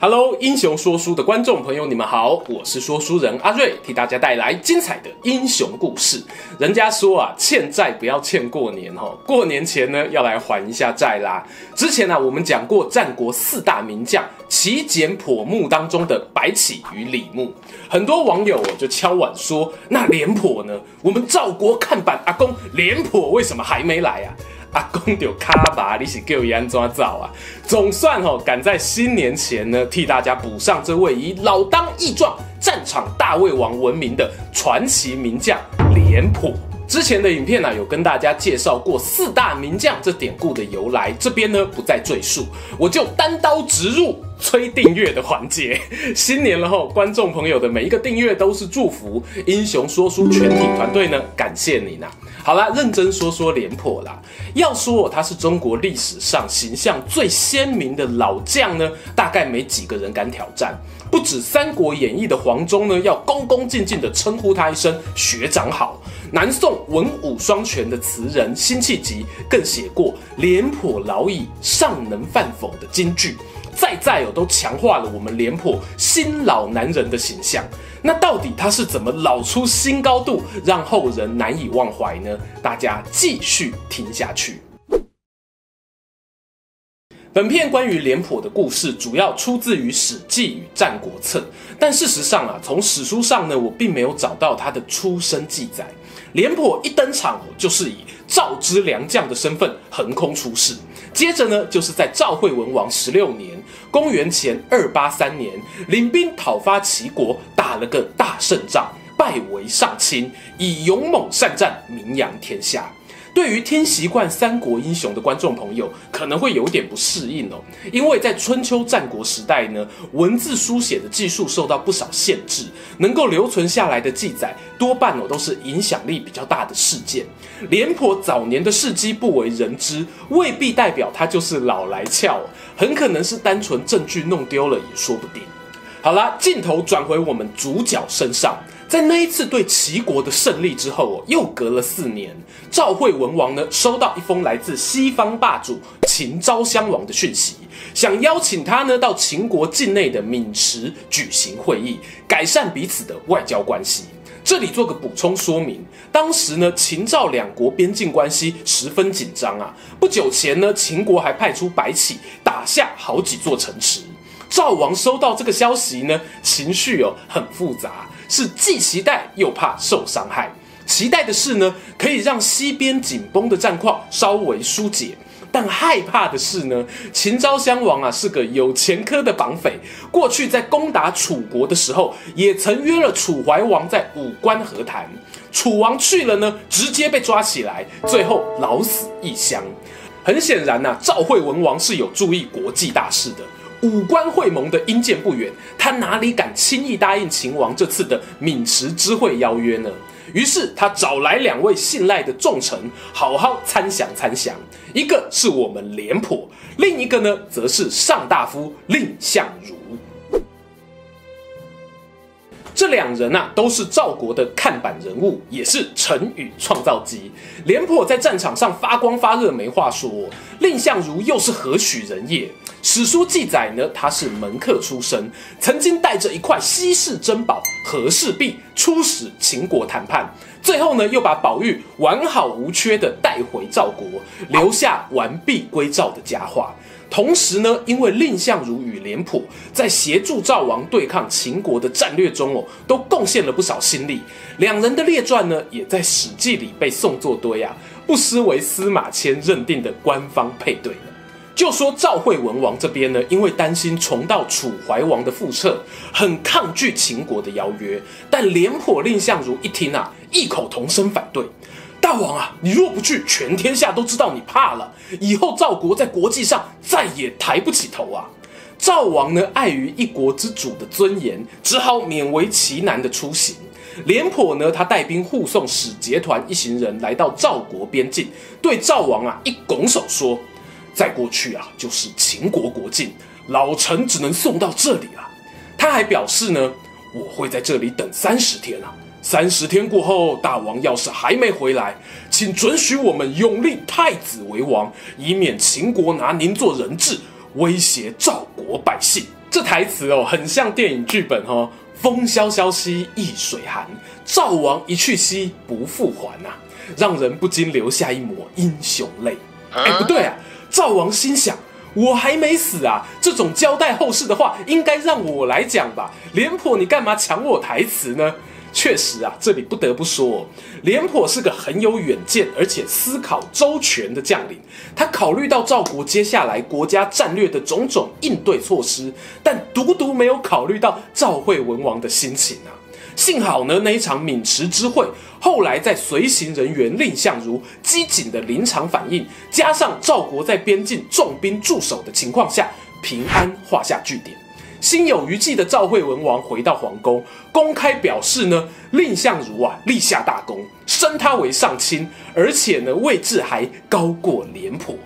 Hello，英雄說書的觀眾朋友，你們好，我是說書人阿睿，替大家帶來精彩的英雄故事。人家說啊，欠債不要欠過年哈，過年前呢，要來還一下債啦。之前呢、啊，我們講過戰國四大名將起翦頗牧當中的白起與李牧，很多網友就敲碗說，那廉頗呢？我們趙國看板阿公廉頗為什麼還沒來啊？阿公丟卡達，你是叫伊安抓走啊？總算吼、哦，趕在新年前呢，替大家補上這位以老當益壯、戰場大胃王聞名的傳奇名將廉頗。之前的影片呢、啊，有跟大家介紹過四大名將這典故的由來，這邊呢不再贅述，我就單刀直入催訂閱的環節。新年了後、哦、觀眾朋友的每一個訂閱都是祝福，英雄說書全體團隊呢，感謝你吶。好啦，認真說說廉頗啦。要說他是中國歷史上形象最鮮明的老將呢，大概沒幾個人敢挑戰。不止《三國演義》的黃忠呢，要恭恭敬敬地稱呼他一聲“學長好”。南宋文武雙全的詞人辛棄疾，更寫過“廉頗老矣，尚能飯否”的金句。再再有都強化了我們廉頗新老男人的形象。那到底他是怎麼老出新高度，讓後人難以忘懷呢？大家繼續聽下去。本片關於廉頗的故事主要出自於《史記》與《戰國策》，但事實上啊，從史書上呢，我並沒有找到他的出生記載。廉頗一登場就是以趙之良將的身份橫空出世，接着呢，就是在趙惠文王十六年（公元前二八三年），領兵討伐齊國，打了個大勝仗，拜為上卿，以勇猛善戰名揚天下。對於聽習慣三國英雄的觀眾朋友，可能會有點不適應哦，因為在春秋戰國時代呢，文字書寫的技術受到不少限制，能夠留存下來的記載，多半哦都是影響力比較大的事件。廉頗早年的事跡不為人知，未必代表他就是老來俏哦，很可能是單純證據弄丟了也說不定。好啦，鏡頭轉回我們主角身上。在那一次對齊國的勝利之後，哦，又隔了四年，趙惠文王呢收到一封來自西方霸主秦昭襄王的訊息，想邀請他呢到秦國境內的澠池舉行會議，改善彼此的外交關係。這裡做個補充說明，當時呢秦趙兩國邊境關係十分緊張啊，不久前呢秦國還派出白起打下好幾座城池，趙王收到這個消息呢，情緒哦很複雜。是既期待又怕受傷害。期待的是呢，可以讓西邊緊繃的戰況稍微疏解；但害怕的是呢，秦昭襄王啊是個有前科的綁匪，過去在攻打楚國的時候，也曾約了楚懷王在武關和談，楚王去了呢，直接被抓起來，最後老死異鄉。很顯然吶、啊，趙惠文王是有注意國際大事的。五官會盟的陰間不遠，他哪裡敢輕易答應秦王這次的渑池之會邀約呢？於是他找來兩位信賴的重臣，好好參詳參詳。一個是我們廉頗，另一個呢，則是上大夫藺相如。這兩人呢、啊，都是趙國的看板人物，也是成語創造機。廉頗在戰場上發光發熱，沒話說。藺相如又是何許人也？史書記載呢，他是門客出身，曾經帶着一塊稀世珍寶和氏璧出使秦國談判，最後呢，又把寶玉完好無缺的帶回趙國，留下完璧歸趙的佳話。同時呢，因為藺相如與廉頗在協助趙王對抗秦國的戰略中哦，都貢獻了不少心力，兩人的列傳呢，也在《史記》裡被送作堆啊，不失為司馬遷認定的官方配對了。就說趙惠文王這邊呢，因為擔心重蹈楚懷王的覆轍，很抗拒秦國的邀約，但廉頗、藺相如一聽啊，異口同聲反對。大王啊，你若不去，全天下都知道你怕了，以後趙國在國際上再也抬不起頭啊！趙王呢，礙於一國之主的尊嚴，只好勉為其難的出行。廉頗呢，他帶兵護送使節團一行人來到趙國邊境，對趙王啊一拱手說：“再過去啊，就是秦國國境，老臣只能送到這裡了啊。”他還表示呢：“我會在這裡等三十天啊。”三十天過後，大王要是還沒回來，請准許我們擁立太子為王，以免秦國拿您做人質，威脅趙國百姓。這台詞哦，很像電影劇本哦：風蕭蕭兮易水寒，趙王一去兮不復還啊，讓人不禁留下一抹英雄淚。哎、啊，不對啊！趙王心想，我還沒死啊，這種交代後事的話應該讓我來講吧。廉頗，你幹嘛搶我台詞呢？確實啊，這裡不得不說哦，廉頗是個很有遠見而且思考周全的將領。他考慮到趙國接下來國家戰略的種種應對措施，但獨獨沒有考慮到趙惠文王的心情啊。幸好呢，那一場澠池之會，後來在隨行人員藺相如機警的臨場反應，加上趙國在邊境重兵駐守的情況下，平安畫下句點。心有餘悸的趙惠文王回到皇宮，公開表示呢，藺相如啊，立下大功，升他為上卿，而且呢，位置還高過廉頗。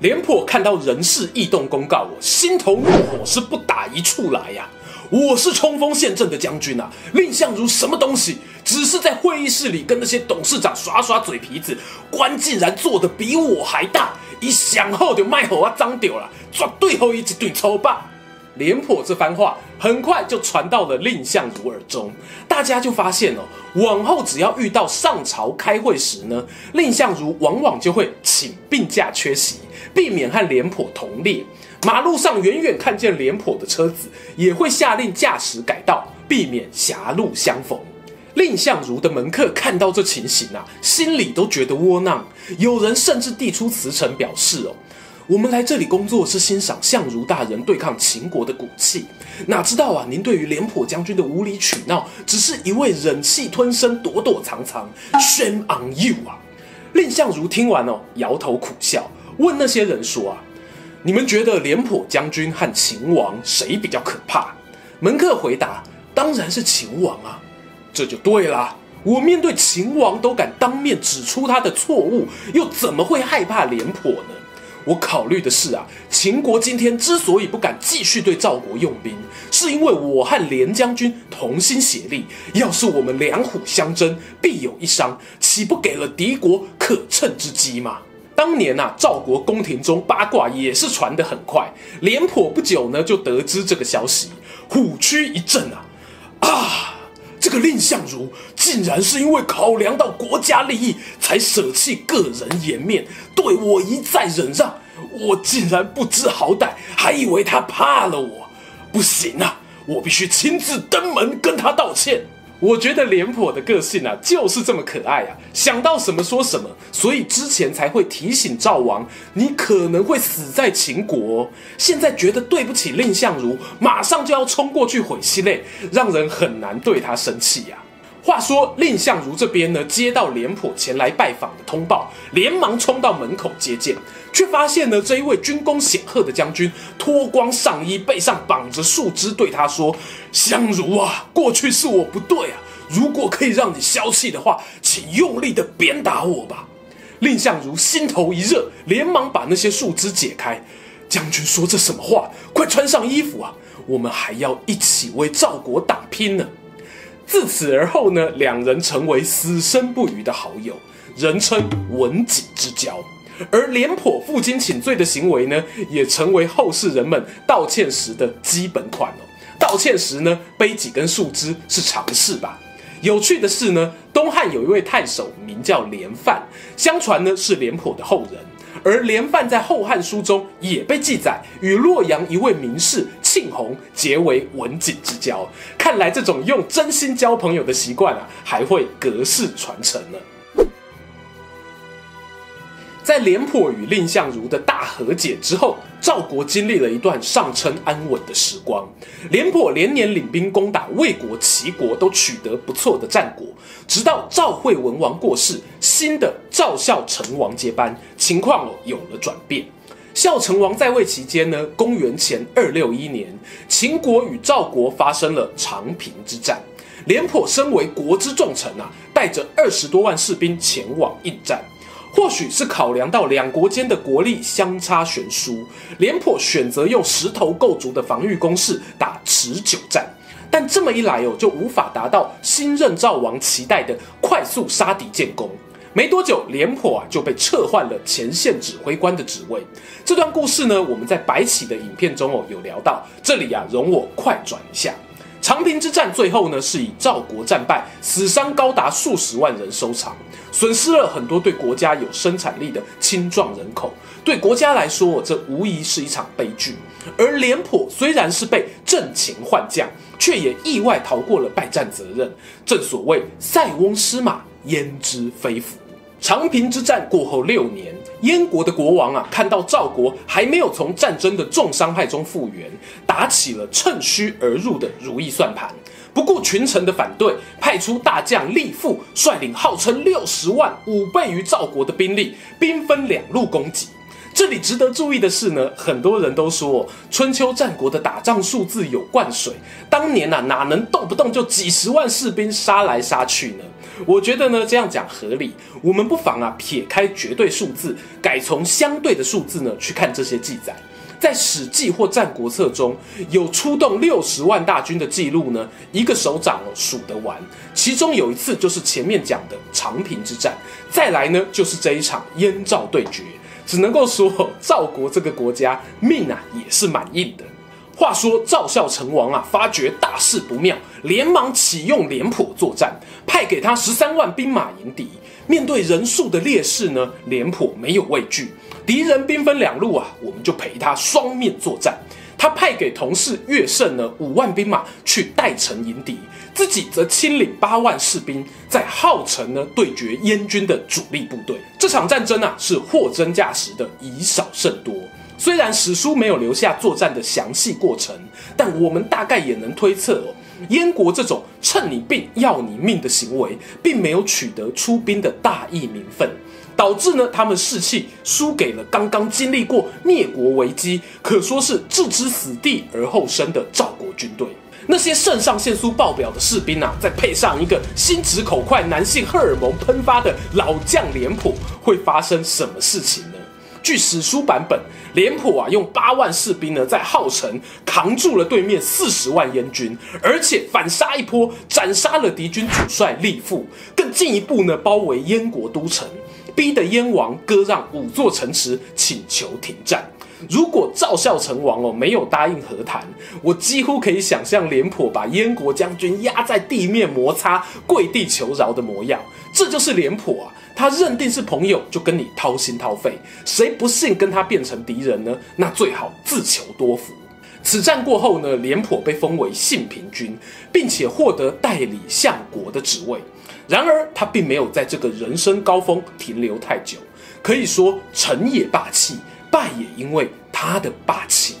廉頗看到人事異動公告，我，我心頭怒火是不打一處來呀、啊！我是衝鋒陷陣的將軍啊，藺相如什麼東西？只是在會議室裡跟那些董事長耍耍嘴皮子，官竟然做得比我還大，一想後就賣口啊張丟了，轉最後一集對抽吧。廉頗這番話很快就傳到了藺相如耳中，大家就發現哦，往後只要遇到上朝開會時呢，藺相如往往就會請病假缺席，避免和廉頗同列。馬路上遠遠看見廉頗的車子，也會下令駕駛改道，避免狹路相逢。藺相如的門客看到這情形啊，心裡都覺得窩囊。有人甚至遞出辭呈，表示哦，我們來這裡工作是欣賞相如大人對抗秦國的骨氣，哪知道啊，您對於廉頗將軍的無理取鬧，只是一味忍氣吞聲、躲躲藏藏。Shame on you 啊！藺相如聽完哦，搖頭苦笑，問那些人說啊，你們覺得廉頗將軍和秦王誰比較可怕？門客回答：當然是秦王啊。這就對了，我面對秦王都敢當面指出他的錯誤，又怎麼會害怕廉頗呢？我考慮的是啊，秦國今天之所以不敢繼續對趙國用兵，是因為我和廉將軍同心協力。要是我們兩虎相爭，必有一傷，豈不給了敵國可乘之機嗎？當年啊，趙國宮廷中八卦也是傳得很快，廉頗不久呢就得知這個消息，虎軀一震啊。藺相如竟然是因為考量到國家利益，才捨棄個人顏面，對我一再忍讓。我竟然不知好歹，還以為他怕了我。不行啊，我必須親自登門跟他道歉。我覺得廉頗的個性啊，就是這麼可愛啊，想到什麼說什麼，所以之前才會提醒趙王，你可能會死在秦國哦。現在覺得對不起藺相如，馬上就要衝過去毀膝類，讓人很難對他生氣呀、啊。話說藺相如這邊呢，接到廉頗前來拜訪的通報，連忙衝到門口接見，卻發現呢這一位軍功顯赫的將軍脫光上衣，背上綁着樹枝，對他說：“相如啊，過去是我不對啊，如果可以讓你消氣的話，請用力的鞭打我吧。”藺相如心頭一熱，連忙把那些樹枝解開。將軍說這什麼話？快穿上衣服啊，我們還要一起為趙國打拼呢。自此而後呢，兩人成為死生不渝的好友，人稱刎頸之交。而廉頗負荊請罪的行為呢，也成為後世人們道歉時的基本款哦。道歉時呢，背幾根樹枝是常事吧。有趣的是呢，東漢有一位太守名叫廉范，相傳呢是廉頗的後人。而廉范在《後漢書》中也被記載，與洛陽一位名士。信紅結為刎頸之交，看來這種用真心交朋友的習慣啊，還會隔世傳承呢。在廉頗與藺相如的大和解之後，趙國經歷了一段尚稱安穩的時光。廉頗連年領兵攻打魏國、齊國，都取得不錯的戰果。直到趙惠文王過世，新的趙孝成王接班，情況有了轉變。孝成王在位期間呢，公元前二六一年，秦國與趙國發生了長平之戰。廉頗身為國之重臣啊，帶着二十多萬士兵前往應戰。或許是考量到兩國間的國力相差懸殊，廉頗選擇用石頭構築的防禦工事打持久戰。但這麼一來哦，就無法達到新任趙王期待的快速殺敵建功。沒多久，廉頗啊就被撤換了前線指揮官的職位。這段故事呢，我們在白起的影片中哦有聊到。這裡啊，容我快轉一下。長平之戰最後呢，是以趙國戰敗，死傷高達數十萬人收場，損失了很多對國家有生產力的青壯人口。對國家來說哦，這無疑是一場悲劇。而廉頗雖然是被陣前換將，卻也意外逃過了敗戰責任。正所謂塞翁失馬，焉知非福。長平之戰過後六年，燕國的國王啊，看到趙國還沒有從戰爭的重傷害中復原，打起了趁虛而入的如意算盤，不顧群臣的反對，派出大將栗腹，率領號稱六十萬五倍於趙國的兵力，兵分兩路攻擊。這裡值得注意的是呢，很多人都說春秋戰國的打仗數字有灌水，當年啊哪能動不動就幾十萬士兵殺來殺去呢？我覺得呢，這樣講合理。我們不妨啊，撇開絕對數字，改從相對的數字呢，去看這些記載。在《史記》或《戰國策》中有出動六十萬大軍的記錄呢，一個手掌、哦、數得完。其中有一次就是前面講的長平之戰，再來呢就是這一場燕趙對決，只能夠說、哦、趙國這個國家命啊也是蠻硬的。話說趙孝成王啊，發覺大事不妙，連忙啟用廉頗作戰，派給他十三萬兵馬迎敵。面對人數的劣勢呢，廉頗沒有畏懼。敵人兵分兩路啊，我們就陪他雙面作戰。他派給同事樂乘呢五萬兵馬去代城迎敵，自己則親領八萬士兵在鄗城呢對決燕軍的主力部隊。這場戰爭啊，是貨真價實的以少勝多。雖然史書沒有留下作戰的詳細過程，但我們大概也能推測哦，燕國這種趁你病要你命的行為，並沒有取得出兵的大義名分，導致呢他們士氣輸給了剛剛經歷過滅國危機，可說是置之死地而後生的趙國軍隊。那些腎上腺素爆表的士兵啊，再配上一個心直口快、男性荷爾蒙噴發的老將臉譜，會發生什麼事情呢？據史書版本，廉頗啊用八萬士兵呢在鄗城扛住了對面四十萬燕軍，而且反殺一波，斬殺了敵軍主帥栗腹，更進一步呢包圍燕國都城，逼得燕王割讓五座城池，請求停戰。如果趙孝成王哦沒有答應和談，我幾乎可以想象廉頗把燕國將軍壓在地面摩擦、跪地求饒的模樣。這就是廉頗啊。他認定是朋友，就跟你掏心掏肺。誰不幸跟他變成敵人呢？那最好自求多福。此戰過後呢，廉頗被封為信平君，並且獲得代理相國的職位。然而，他並沒有在這個人生高峰停留太久。可以說，成也霸氣，敗也因為他的霸氣。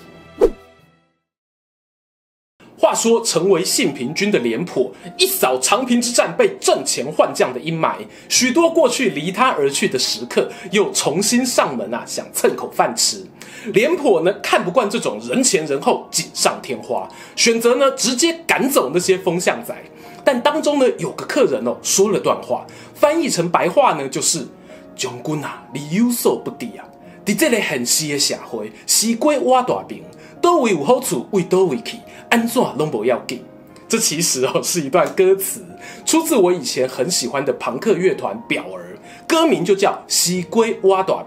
話說，成為信平君的廉頗，一掃長平之戰被陣前換將的陰霾，許多過去離他而去的食客，又重新上門啊，想蹭口飯吃。廉頗呢，看不慣這種人前人後錦上添花，選擇呢，直接趕走那些風向仔。但當中呢，有個客人哦，說了段話，翻譯成白話呢，就是：“將軍啊，你有所不敵啊，在這個現實的社會，是龜挖大餅 Do we hold to do we keep? 安怎攏不要緊？這其實是一段歌詞，出自我以前很喜歡的朋克樂團表兒，歌名就叫《西歸挖大餅》。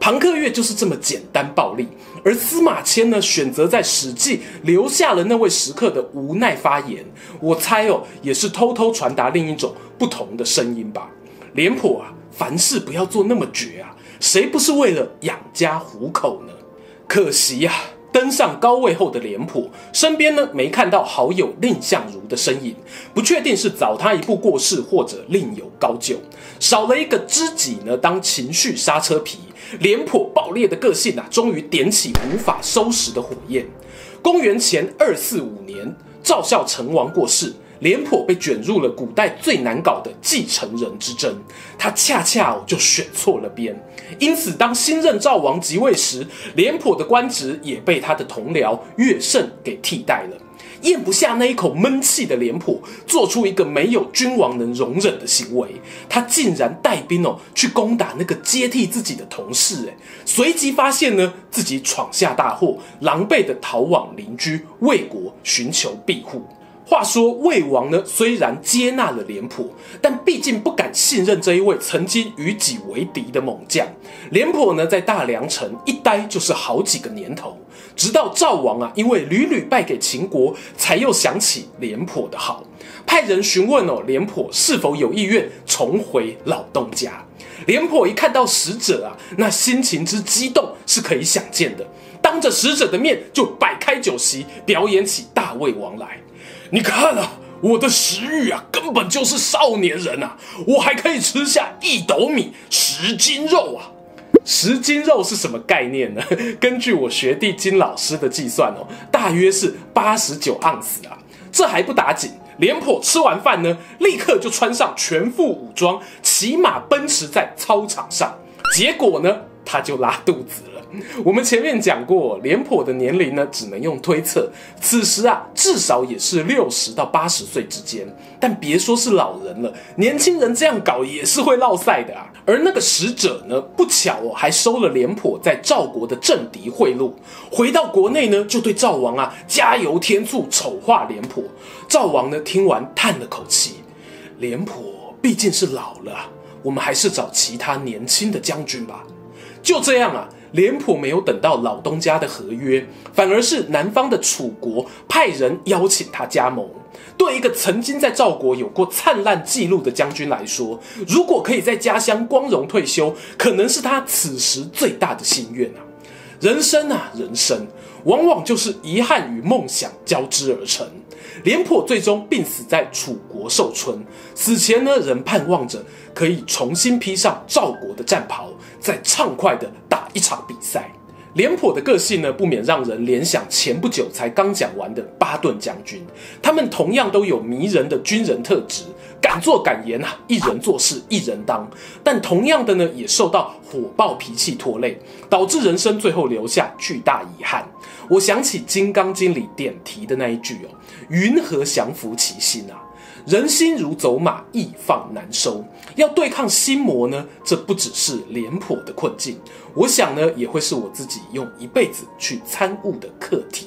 朋克樂就是這麼簡單暴力。而司馬遷呢，選擇在《史記》留下了那位食客的無奈發言，我猜哦，也是偷偷傳達另一種不同的聲音吧。廉頗啊，凡事不要做那麼絕啊，誰不是為了養家糊口呢？可惜呀、啊。登上高位後的廉頗，身邊呢，沒看到好友藺相如的身影，不確定是早他一步過世，或者另有高就，少了一個知己呢，當情緒剎車皮，廉頗暴烈的個性啊，終於點起無法收拾的火焰。公元前二四五年，趙孝成王過世。廉頗被捲入了古代最難搞的繼承人之爭，他恰恰就選錯了邊。因此，當新任趙王即位時，廉頗的官職也被他的同僚樂乘給替代了。嚥不下那一口悶氣的廉頗，做出一個沒有君王能容忍的行為。他竟然帶兵哦去攻打那個接替自己的同事，哎，隨即發現呢自己闖下大禍，狼狽地逃往鄰居魏國尋求庇護。話說魏王呢，雖然接納了廉頗，但畢竟不敢信任這一位曾經與己為敵的猛將。廉頗呢，在大梁城一待就是好幾個年頭，直到趙王啊，因為屢屢敗給秦國，才又想起廉頗的好，派人詢問哦，廉頗是否有意願重回老東家。廉頗一看到使者啊，那心情之激動是可以想見的，當着使者的面就擺開酒席，表演起大胃王來。你看啊，我的食慾啊，根本就是少年人啊！我還可以吃下一斗米，十斤肉啊！十斤肉是什麼概念呢？根據我學弟金老師的計算哦，大約是八十九盎司啊！這還不打緊，廉頗吃完飯呢，立刻就穿上全副武裝，騎馬奔馳在操場上，結果呢，他就拉肚子了。我們前面講過，廉頗的年齡呢，只能用推測。此時啊，至少也是六十到八十歲之間。但別說是老人了，年輕人這樣搞也是會落賽的啊。而那個使者呢，不巧哦，還收了廉頗在趙國的政敵賄賂，回到國內呢，就對趙王啊加油添醋，醜化廉頗。趙王呢，聽完嘆了口氣，廉頗畢竟是老了，我們還是找其他年輕的將軍吧。就這樣啊。廉頗沒有等到老東家的合約，反而是南方的楚國派人邀請他加盟。對一個曾經在趙國有過燦爛記錄的將軍來說，如果可以在家鄉光榮退休，可能是他此時最大的心願啊！人生啊，人生往往就是遺憾與夢想交織而成。廉頗最終病死在楚國壽春，死前呢，仍盼望着可以重新披上趙國的戰袍，再暢快的一場比賽，廉頗的個性呢，不免讓人聯想前不久才剛講完的巴頓將軍。他們同樣都有迷人的軍人特質，敢作敢言，一人做事一人當。但同樣的呢，也受到火爆脾氣拖累，導致人生最後留下巨大遺憾。我想起《金剛經》裡點題的那一句哦：“雲何降伏其心啊？”人心如走馬，易放難收。要對抗心魔呢？這不只是廉頗的困境，我想呢，也會是我自己用一輩子去參悟的課題。